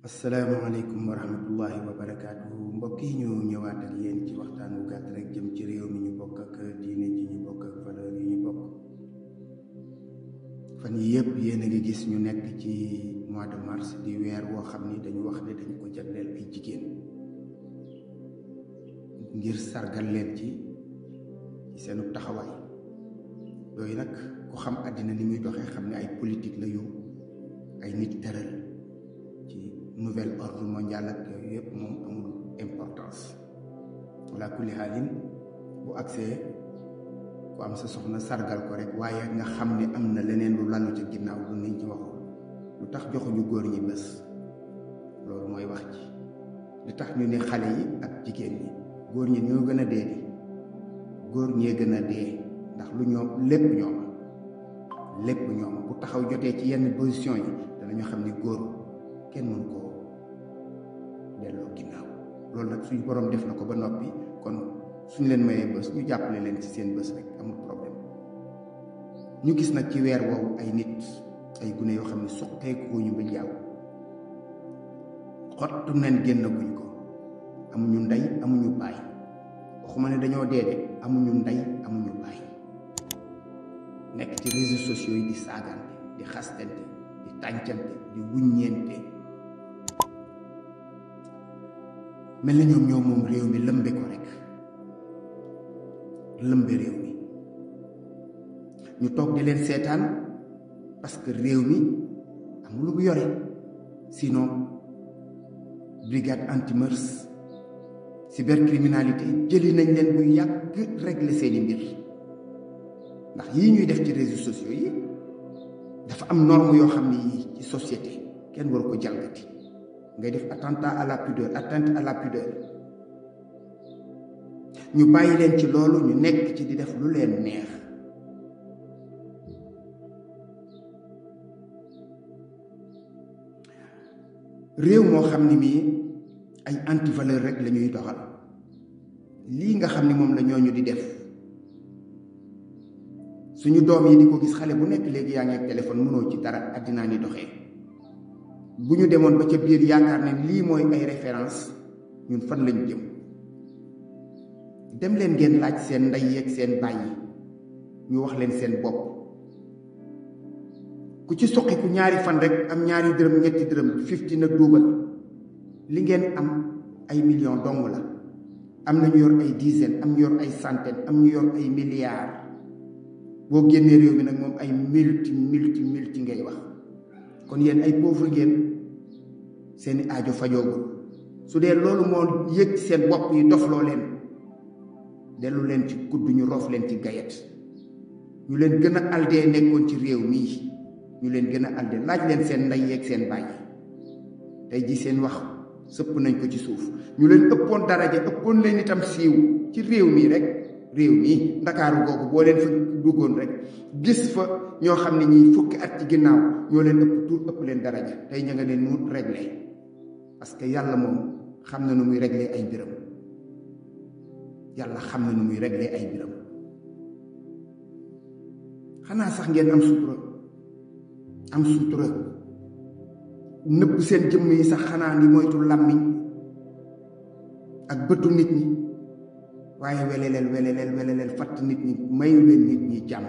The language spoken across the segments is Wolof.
Assalamualaikum warahmatullahi wabarakatuh. wa barakaatu mbokk ñu ñëwaat ak yeen ci waxtaan bu gàtt rek jëm ci réew mi ñu bokk ak diine ji ñu bokk ak valeur yi ñu bokk fan yi yépp yéen a ngi gis ñu nekk ci mois de mars di weer woo xam ni dañu wax ne dañ ko jagleel ay jigéen ngir sargal leen ci ci seenu taxawaay yooyu nag ku xam àddina ni muy doxee xam ne ay politique la yu ay nit tëral ordre mondial ak yooyu yëpp moom amul importance walla kulli xaalin bu agsee ku am sa soxna sargal ko rek waaye nga xam ni am na leneen lu lanu ci ginnaaw lu nit ñi waxoon lu tax joxuñu góor ñi bés loolu mooy wax ji li tax ñu ne xale yi ak jigéen ñi góor ñi ñoo gën a dee di góor ñee gën a dee ndax lu ñoom lépp ñoom lépp ñoom bu taxaw jotee ci yenn position yi danañu xam ni góor kenn mënu ko delloo ginnaaw loolu nag suñu borom def na ko ba noppi kon suñu leen mayee bés ñu jàppale leen ci seen bës rek amul problème ñu gis nag ci weer woowu ay nit ay gune yoo xam ne soqeeku ñu ba jaaw xottu nañ génnaguñ ko amuñu ndey amuñu baay waxuma ne dañoo de amuñu ndey amuñu baay nekk ci réseaux sociaux yi di saagante di xastante di tàncante di wuññeente mel na ñoom ñoo réew mi lëmbe ko rek lëmbe réew mi ñu toog di leen seetaan parce que réew mi amul lu mu yore sinon brigade anti-mœurs cybercriminalité jëli nañ leen bu yàgg régler seeni mbir ndax yii ñuy def ci réseaux sociaux yi dafa am norme yoo xam ne yii ci société kenn waru ko jalgati ngay à la pudeur atteinte à la pudeur ñu bàyyi leen ci loolu ñu nekk ci di def lu leen neex réew ne ay anti valeur rek doxal nga la di def suñu doom yi di gis xale bu nekk léegi yaa téléphone bu ñu demoon ba ca biir yaakaar ne lii mooy ay référence ñun fan lañ jëm dem leen ngeen laaj seen ndey yeeg seen bàyyi ñu wax leen seen bopp ku ci soqiku ñaari fan rek am ñaari dërëm ñetti dërëm fifty nag duubal li ngeen am ay million dong la am na ñu yor ay dizaine am ñu yor ay centaine am ñu yor ay milliards boo génnee réew mi nag moom ay multi multi multi ngay wax kon yéen ay pauvre ngeen seeni aajo fajoogul su dee loolu moo yëg seen bopp yi dofloo leen dellu leen ci kudd ñu roof leen ci gayet ñu leen gën a aldee nekkoon ci réew mii ñu leen gën a alde laaj leen seen ndey yeeg seen baay tey ji seen wax sëpp nañ ko ci suuf ñu leen ëppoon daraja ëppoon leen itam siiw ci réew mii rek réew mii ndakaaru googu boo leen fa duggoon rek gis fa ñoo xam ne ñii fukki at ci ginnaaw ñoo leen ëpp tuur ëpp leen daraja tey ña nga leen mu réglé parce que yàlla moom xam na nu muy régler ay biram yàlla xam na nu muy régler ay biram xanaa sax ngeen am sutura am sutura nëbb seen jëmm yi sax xanaa ni moytu làmmiñ ak bëtu nit ñi waaye weleleel weleleel weleleel fatt nit ñi mayu leen nit ñi jàmm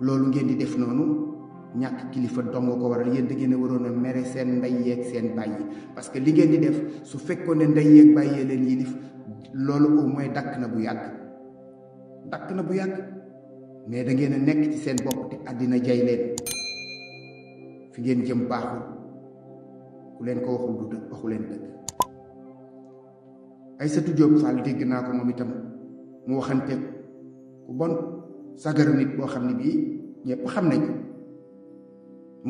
loolu ngeen di def noonu ñàkk kilifa dong ko waral yéen da ngeen a waroon a mere seen ndey yeeg seen bàyyi parce que li ngeen di def su fekkoon ne ndey yeeg bàyyee leen yilif loolu au moins dakk na bu yàgg dakk na bu yàgg mais da ngeen a nekk ci seen bopp te àddina jay leen fi ngeen jëm baaxul ku leen ko waxul du dëgg waxu leen ay Aïssatou Diop Fall dégg naa ko moom itam mu waxante ku bon sagaru nit boo xam ne bii ñëpp xam nañu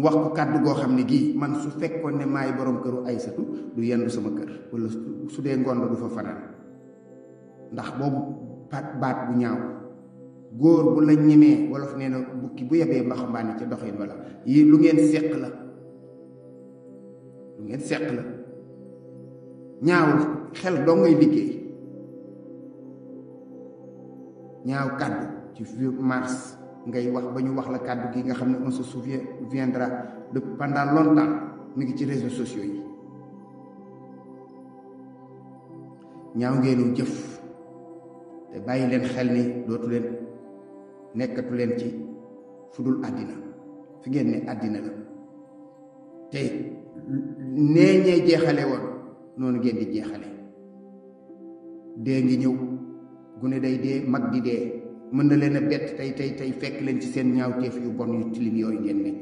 wax ko kàddu goo xam ne gii man su fekkoon ne maay boroom këru aysatu du yendu sama kër wala su dee ngoon du fa fanaan ndax boobu pat baat bu ñaaw góor bu la ñemee wolof nee na bukki bu yebee mbaxambaane ca doxin wala yi lu ngeen seq la lu ngeen seq la ñaaw xel doo ngay liggéey ñaaw kàddu ci mars ngay wax ba ñu wax la kàddu gi nga xam ne on se souviendra de pendant longtemps mi ngi ci réseaux sociaux yi ñaaw ngeenu jëf te bàyyi leen xel ni dootu leen nekkatu leen ci fudul àddina fi ngeen ne àddina la te nee ñee jeexale woon noonu ngeen di jeexale dee ngi ñëw gune day dee mag di dee mën na leen a bett tey tey tey fekk leen ci seen ñaawteef yu bon yu tilim yooyu ngeen nekk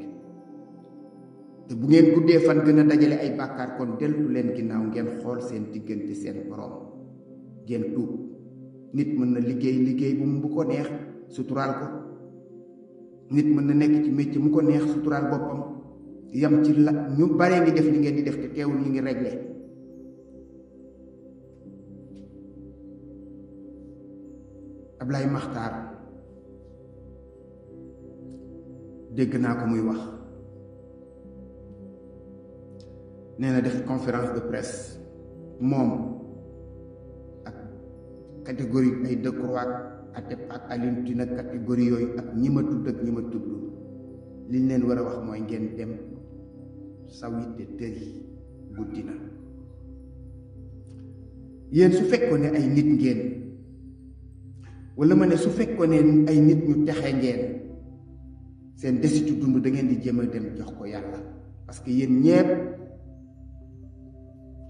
te bu ngeen guddee fan gën a dajale ay bàkkaar kon deltu leen ginnaaw ngeen xool seen diggante seen borom ngeen tuub nit mën na liggéey liggéey bu mu ko neex suturaal ko nit mën na nekk ci métier mu ko neex suturaal boppam yam ci la ñu bare ngi def li ngeen di def te teewul ñu ngi réglé Ablaye Makhtar deg na ko muy wax neena def conférence de presse mom ak catégorie ay Decroix ak Atep ak Alioune Tine catégorie yoy ak ñima tudd ak ñima tudd liñ leen wara wax moy ngeen dem guddina yeen su fekkone ay nit ngeen wala ma ne su fekkoon ne ay nit ñu texe ngeen seen desitu dund da ngeen di jéem a dem jox ko yàlla parce que yéen ñepp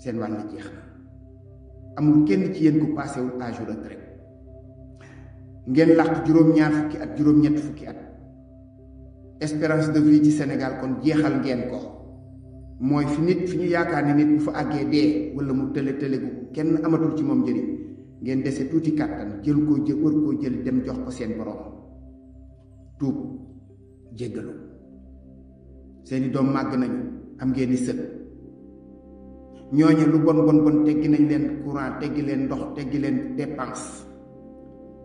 seen wàll jeex na amul kenn ci yéen ku paasewul âge retraite ngeen làq juróom-ñaar fukki at juróom-ñett fukki at espérance de vie ci Sénégal kon jeexal ngeen ko mooy fi nit fi ñu yaakaar ne nit bu fa àggee dee wala mu tële tële gu kenn amatul ci moom njëriñ ngeen dese tuuti katan jël ko jël war ko jël dem jox ko seen borom tuub jéggalu seeni doom màgg nañu am ngeen ni sët ñooñu lu bon bon bon teggi nañ leen courant teggi leen ndox teggi leen dépense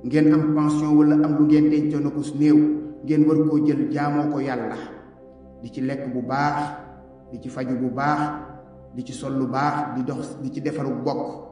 ngeen am pension wala am lu ngeen dencoon ko su néew ngeen war koo jël jaamoo ko yàlla di ci lekk bu baax di ci faju bu baax di ci sol lu baax di dox di ci defaru bokk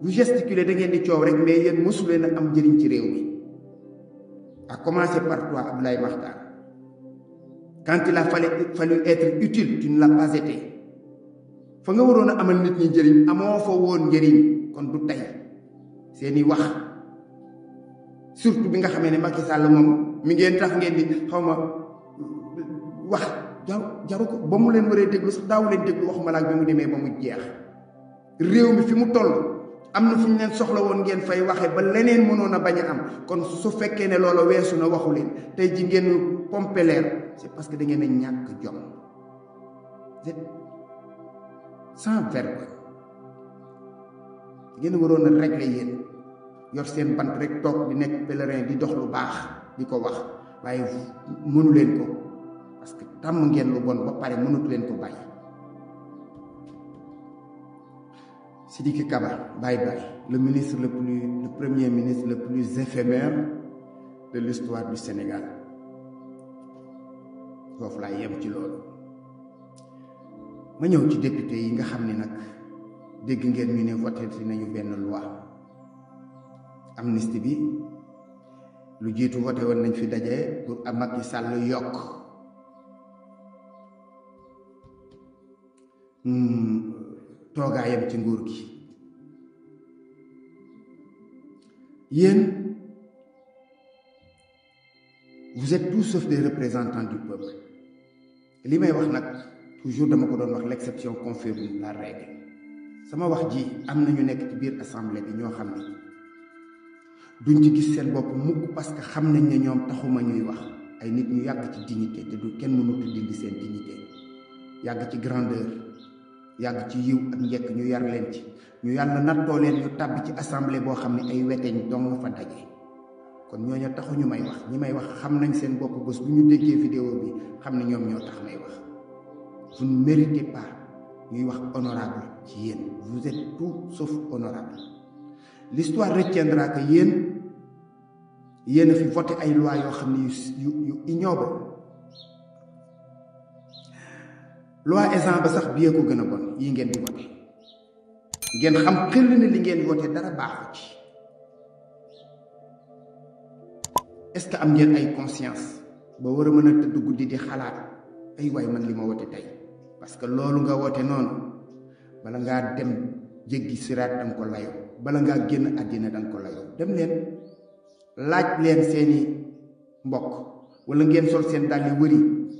vous gesticulez da ngeen di coow rek mais yéen mosu leen a am njëriñ ci réew mi à commencer par toi Abdoulaye Makhtar quand il a fallu, fallu être utile tu ne l'as pas été fa nga waroon a amal nit ñi njëriñ amoo fa woon njëriñ kon du tey seeni wax surtout bi nga xamee ne Macky Sall moom mi ngeen tax ngeen di xaw ma wax jaru jaru ko ba mu leen waree déglu sax daawu leen déglu waxuma laak bi mu demee ba mu jeex réew mi fi mu toll amna fuñu len soxla won ngeen fay waxe ba leneen mënoon a am kon su fekke ne loola wessu na waxu len tay ji ngeen pomper leer c'est parce que da ngeen ñak ñàkk jom sans vergogne ngeen waro na régler yeen yor seen bant rek tok di nek pèlerin di dox lu bax di ko wax waye mënu len ko parce que tam ngeen lu bon ba pare mënut len ko bàyyi Sidiki Kaba, bye bye, le ministre le plus, le premier ministre le plus éphémère de l'histoire du Sénégal. foofu laa yem ci loolu ma ñëw ci député yi nga xamni nak nag dégg ngeen ñu ne voté nañu benn loi amnistie bi lu jitu voté woon nañ fi dajé pour Macky Sall Hmm toogaayam ci nguur gi yéen vous êtes tout sauf des représentants du peuple li may wax nag toujours dama ko doon wax l'exception confirme la règle sama wax ji am na ñu nekk ci biir assemblée bi ñoo xam ne duñ ci gis seen bopp mukk parce que xam nañ ne ñoom taxuma ñuy wax ay nit ñu yàgg ci dignité te du kenn mënu tuddindi seen dignité yàgg ci grandeur yàgg ci yiw ak njekk ñu yar leen ci ñu yàlla nattoo leen ñu tàbb ci assemblée boo xam ne ay weteñ dong fa daje kon ñooñu taxuñu may wax ñi may wax xam nañ seen bopp bés bu ñu déggee vidéo bi xam ne ñoom ñoo tax may wax vous ne méritez pas ñuy wax honorable ci yéen vous êtes tout sauf honorable l'histoire retiendra que yéen yéen a fi voté ay loi yoo xam ne yu yu ignoble loi essence ba sax biyee ko gën a bon yi ngeen di wote ngeen xam xel ne li ngeen wote dara baaxu ci est ce que am ngeen ay conscience ba war a mën a tëdd guddi di xalaat ay waay man li wote tey parce que loolu nga wote noonu bala ngaa dem jéggi siraat da nga ko layo bala ngaa génn àddina da nga ko layo dem leen laaj leen seeni mbokk wala ngeen sol seen dàlli wëri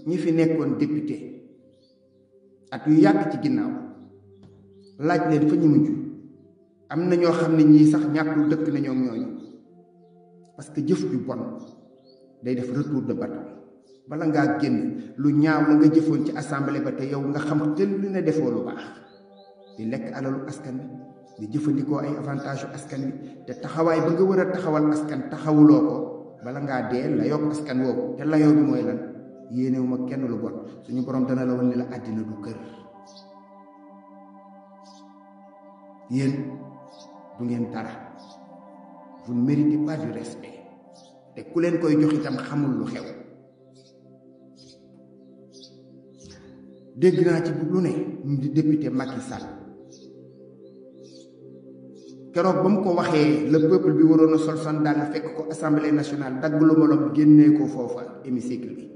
ñi fi nekkoon député at yu yàgg ci ginnaaw laaj leen fa ñu mujj am na ñoo xam ne ñii sax ñàkkul dëkk na ñoom ñooñu parce que jëf ju bon day def retour de bâton bala ngaa génn lu ñaaw la nga jëfoon ci assemblée ba te yow nga xam te lu ne defoo lu baax di lekk alalu askan bi di jëfandikoo ay avantage askan bi te taxawaay ba nga war a taxawal askan taxawuloo ko bala ngaa dee la yokk askan woowu te layoo bi mooy lan ma kenn lu bon suñu borom dana la wan ni la adina du kër yeen du ngeen dara vous ne méritez pas du respect te ku leen koy jox itam xamul lu xew dégg naa ci lu ne di député Macky Sall keroog ba mu ko waxee le peuple bi waroon a sol sandal fekk ko assemblée nationale dagg lu molom génnee ko foofa hémicycle bi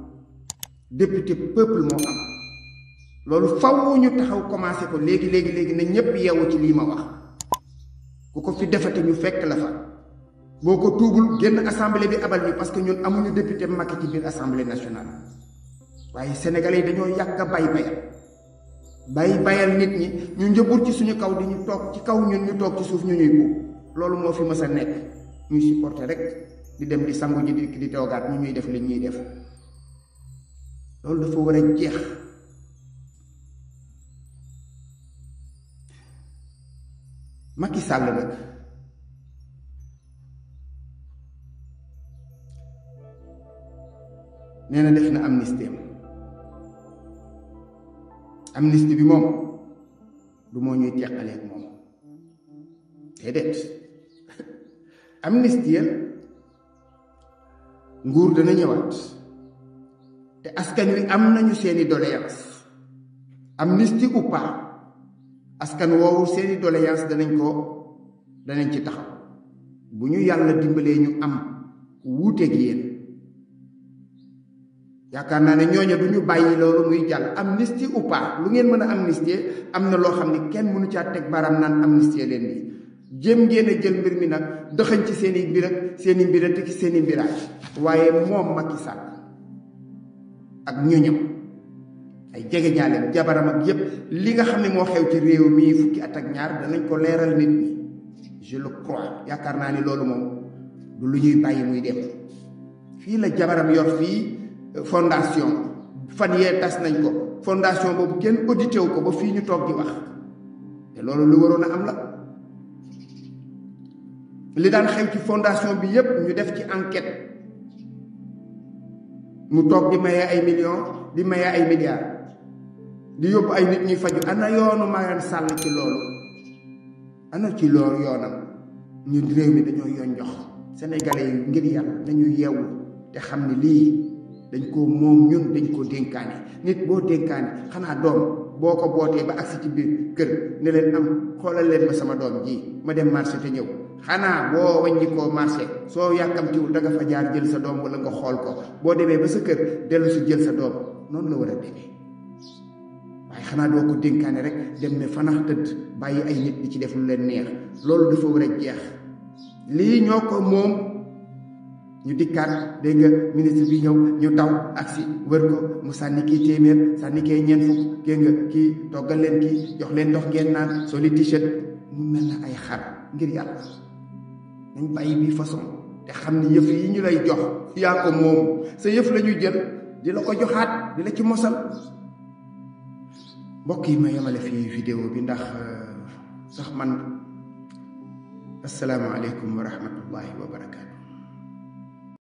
député peuple mo am lolou faw ñu taxaw commencé ko légui légui légui na ñepp yewu ci li ma wax ku ko fi defate ñu fekk la fa boko tougul genn assemblée bi abal ñu parce que ñun amuñu député makki ci bir assemblée nationale waye sénégalais yi dañoo yàgg a bay bay bayal nit ñi ñu njëbur ci suñu kaw di ñu tok ci kaw ñun ñu tok ci suuf ñu ñuy ko lolou mo fi mësa nek ñu supporter rek di dem di sangu ji di di ñu ñuy def li ñuy def loolu dafa war a jeex Macky Sall nag nee na def na amnistie am amnistie bi moom du moo ñuy teqalee ak moom déedéet amnistie nguur dana ñëwaat te askan wi am nañu seeni doléance amnisti ou pas askan woowu seeni doléance danañ ko danañ ci taxaw bu ñu yàlla ñu am ku wuuteeg yéen yaakaar naa ne ñooñu du ñu bàyyi loolu muy jàll amnistie ou pas lu ngeen mën a amnistie am na loo xam ne kenn mënu caa teg baram naan amnistie leen nii jëm ngeen a jël mbir mi nag doxañ ci seen i mbir ak seen i ak seen i waaye moom ak ñu ñooñam ay jege ñaaleem jabaram ak yépp li nga xam ne moo xew ci réew mi fukki at ak ñaar danañ ko leeral nit ñi je le crois yaakaar naa ni loolu moom du lu ñuy bàyyi muy dem fii la jabaram yor fii euh, fondation fan yee tas nañ ko fondation boobu kenn audité ko ba fii ñu toog di wax te loolu lu waroon a am la li daan xew ci fondation bi yépp ñu def ci enquête mu tok di maye ay million di maye ay milliards di yóbbu ay nit ñi faju ana yoonu ngeen Sall ci lool ana ci lool yoonam ñu réew mi dañoo yoon jox sénégalais yi ngir yalla dañu yew te xamni li lii dañ ko mom ñun dañ ko denkané nit bo denkané xana doom boko boté ba agsi ci biir kër ne leen am xolal leen ma sama doom ji ma dem marché te ñew xanaa boo wàññikoo marché soo yàkkamtiwul ya da nga fa jaar jël sa doom wala nga xool ko boo demee ba sa kër dellu si jël sa doom noonu la war a demee waaye xanaa doo ko dénkaane rek dem ne fanax tëdd bàyyi ay nit di ci def lu leen neex loolu dafa war a jeex lii ñoo ko moom ñu dikkaat dégg nga ministre bi ñëw ñu daw ak si wër ko mu sànni kii téeméer sànni kee ñeent fukk dégg nga kii toggal leen kii jox leen dox ngeen naan soli t-shirt mu mel na ay xar ngir yàlla nañ bàyyi bi façon te xam ne yëf yi ñu lay jox yaa ko moom sa yëf la jël di la ko joxaat di la ci mosal mbokk yi ma yemale fii vidéo bi ndax euh, sax man asalaamaaleykum wa rahmatullahi wa barakaatu